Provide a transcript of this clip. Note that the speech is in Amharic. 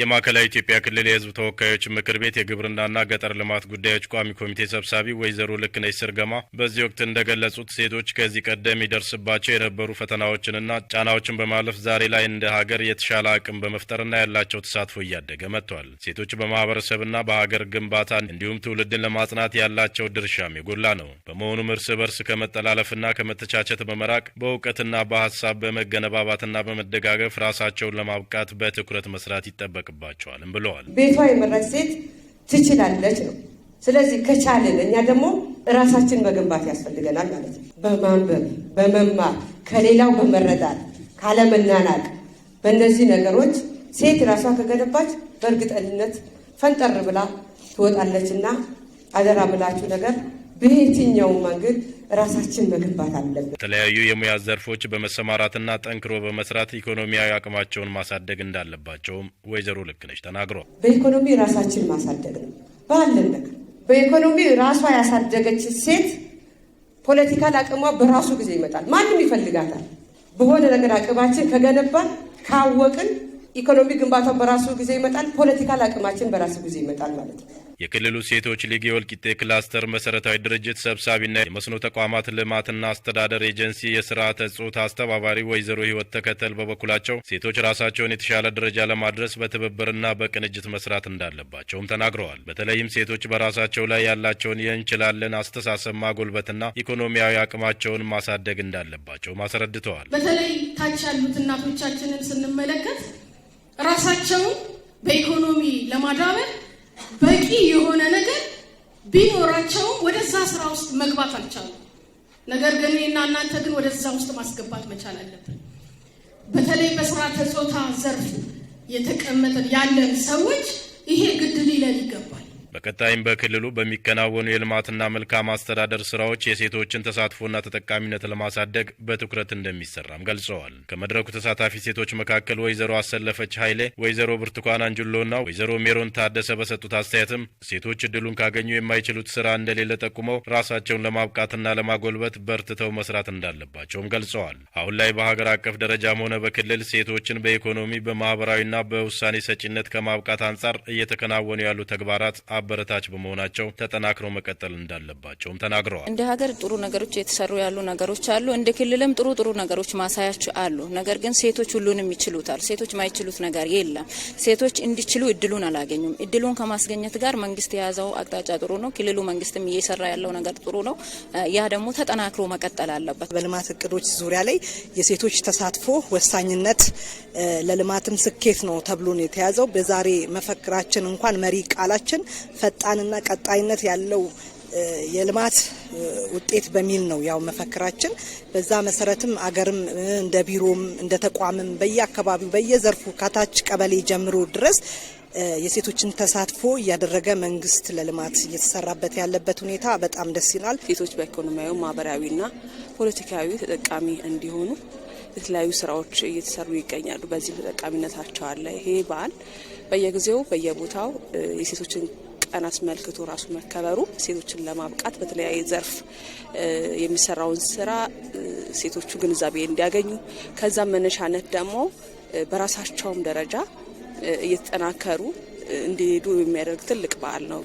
የማዕከላዊ ኢትዮጵያ ክልል የሕዝብ ተወካዮች ምክር ቤት የግብርናና ገጠር ልማት ጉዳዮች ቋሚ ኮሚቴ ሰብሳቢ ወይዘሮ ልክነሽ ስርገማ በዚህ ወቅት እንደገለጹት ሴቶች ከዚህ ቀደም ይደርስባቸው የነበሩ ፈተናዎችንና ጫናዎችን በማለፍ ዛሬ ላይ እንደ ሀገር የተሻለ አቅም በመፍጠርና ያላቸው ተሳትፎ እያደገ መጥቷል። ሴቶች በማህበረሰብና በሀገር ግንባታ እንዲሁም ትውልድን ለማጽናት ያላቸው ድርሻም የጎላ ነው። በመሆኑም እርስ በርስ ከመጠላለፍና ከመተቻቸት በመራቅ በእውቀትና በሀሳብ በመገነባባትና በመደጋገፍ ራሳቸውን ለማብቃት በትኩረት መስራት ይጠበቃል ይጠበቅባቸዋልም ብለዋል። ቤቷ የመራች ሴት ትችላለች ነው። ስለዚህ ከቻልን እኛ ደግሞ እራሳችን መገንባት ያስፈልገናል ማለት ነው። በማንበብ በመማር ከሌላው በመረዳት ካለመናናቅ፣ በእነዚህ ነገሮች ሴት ራሷ ከገነባች በእርግጠኝነት ፈንጠር ብላ ትወጣለችና አደራ ብላችሁ ነገር በየትኛውም መንገድ ራሳችን መገንባት አለብን። የተለያዩ የሙያ ዘርፎች በመሰማራትና ጠንክሮ በመስራት ኢኮኖሚያዊ አቅማቸውን ማሳደግ እንዳለባቸውም ወይዘሮ ልክነች ተናግሯል። በኢኮኖሚ ራሳችን ማሳደግ ነው ባለን ነገር በኢኮኖሚ ራሷ ያሳደገች ሴት ፖለቲካል አቅሟ በራሱ ጊዜ ይመጣል። ማንም ይፈልጋታል። በሆነ ነገር አቅማችን ከገነባን ካወቅን ኢኮኖሚ ግንባታው በራሱ ጊዜ ይመጣል። ፖለቲካል አቅማችን በራሱ ጊዜ ይመጣል ማለት ነው። የክልሉ ሴቶች ሊግ የወልቂጤ ክላስተር መሰረታዊ ድርጅት ሰብሳቢና የመስኖ ተቋማት ልማትና አስተዳደር ኤጀንሲ የስርዓተ ጾታ አስተባባሪ ወይዘሮ ህይወት ተከተል በበኩላቸው ሴቶች ራሳቸውን የተሻለ ደረጃ ለማድረስ በትብብርና በቅንጅት መስራት እንዳለባቸውም ተናግረዋል። በተለይም ሴቶች በራሳቸው ላይ ያላቸውን የእንችላለን አስተሳሰብ ማጎልበትና ኢኮኖሚያዊ አቅማቸውን ማሳደግ እንዳለባቸውም አስረድተዋል። በተለይ ታች ያሉት እናቶቻችንን ስንመለከት ራሳቸውን በኢኮኖሚ ለማዳበር በቂ የሆነ ነገር ቢኖራቸውም ወደዛ ስራ ውስጥ መግባት አልቻሉም። ነገር ግን እኔና እናንተ ግን ወደዛ ውስጥ ማስገባት መቻል አለብን። በተለይ በስራ ተጾታ ዘርፍ የተቀመጠን ያለን ሰዎች ይሄ ግድ ሊለን ይገባል። በቀጣይም በክልሉ በሚከናወኑ የልማትና መልካም አስተዳደር ስራዎች የሴቶችን ተሳትፎና ተጠቃሚነት ለማሳደግ በትኩረት እንደሚሰራም ገልጸዋል። ከመድረኩ ተሳታፊ ሴቶች መካከል ወይዘሮ አሰለፈች ኃይሌ፣ ወይዘሮ ብርቱካን አንጁሎና ወይዘሮ ሜሮን ታደሰ በሰጡት አስተያየትም ሴቶች እድሉን ካገኙ የማይችሉት ስራ እንደሌለ ጠቁመው ራሳቸውን ለማብቃትና ለማጎልበት በርትተው መስራት እንዳለባቸውም ገልጸዋል። አሁን ላይ በሀገር አቀፍ ደረጃም ሆነ በክልል ሴቶችን በኢኮኖሚ በማህበራዊና በውሳኔ ሰጪነት ከማብቃት አንጻር እየተከናወኑ ያሉ ተግባራት አበረታች በመሆናቸው ተጠናክሮ መቀጠል እንዳለባቸውም ተናግረዋል። እንደ ሀገር ጥሩ ነገሮች የተሰሩ ያሉ ነገሮች አሉ። እንደ ክልልም ጥሩ ጥሩ ነገሮች ማሳያች አሉ። ነገር ግን ሴቶች ሁሉንም ይችሉታል። ሴቶች ማይችሉት ነገር የለም። ሴቶች እንዲችሉ እድሉን አላገኙም። እድሉን ከማስገኘት ጋር መንግስት የያዘው አቅጣጫ ጥሩ ነው። ክልሉ መንግስትም እየሰራ ያለው ነገር ጥሩ ነው። ያ ደግሞ ተጠናክሮ መቀጠል አለበት። በልማት እቅዶች ዙሪያ ላይ የሴቶች ተሳትፎ ወሳኝነት ለልማትም ስኬት ነው ተብሎ ነው የተያዘው። በዛሬ መፈክራችን እንኳን መሪ ቃላችን ፈጣንና ቀጣይነት ያለው የልማት ውጤት በሚል ነው ያው መፈክራችን። በዛ መሰረትም አገርም እንደ ቢሮም እንደ ተቋምም በየአካባቢው በየዘርፉ ከታች ቀበሌ ጀምሮ ድረስ የሴቶችን ተሳትፎ እያደረገ መንግስት ለልማት እየተሰራበት ያለበት ሁኔታ በጣም ደስ ይላል። ሴቶች በኢኮኖሚያዊ ማህበራዊና ፖለቲካዊ ተጠቃሚ እንዲሆኑ የተለያዩ ስራዎች እየተሰሩ ይገኛሉ። በዚህ ተጠቃሚነታቸው አለ። ይሄ በዓል በየጊዜው በየቦታው የሴቶችን ቀን አስመልክቶ ራሱ መከበሩ ሴቶችን ለማብቃት በተለያየ ዘርፍ የሚሰራውን ስራ ሴቶቹ ግንዛቤ እንዲያገኙ ከዛም መነሻነት ደግሞ በራሳቸውም ደረጃ እየተጠናከሩ እንዲሄዱ የሚያደርግ ትልቅ በዓል ነው።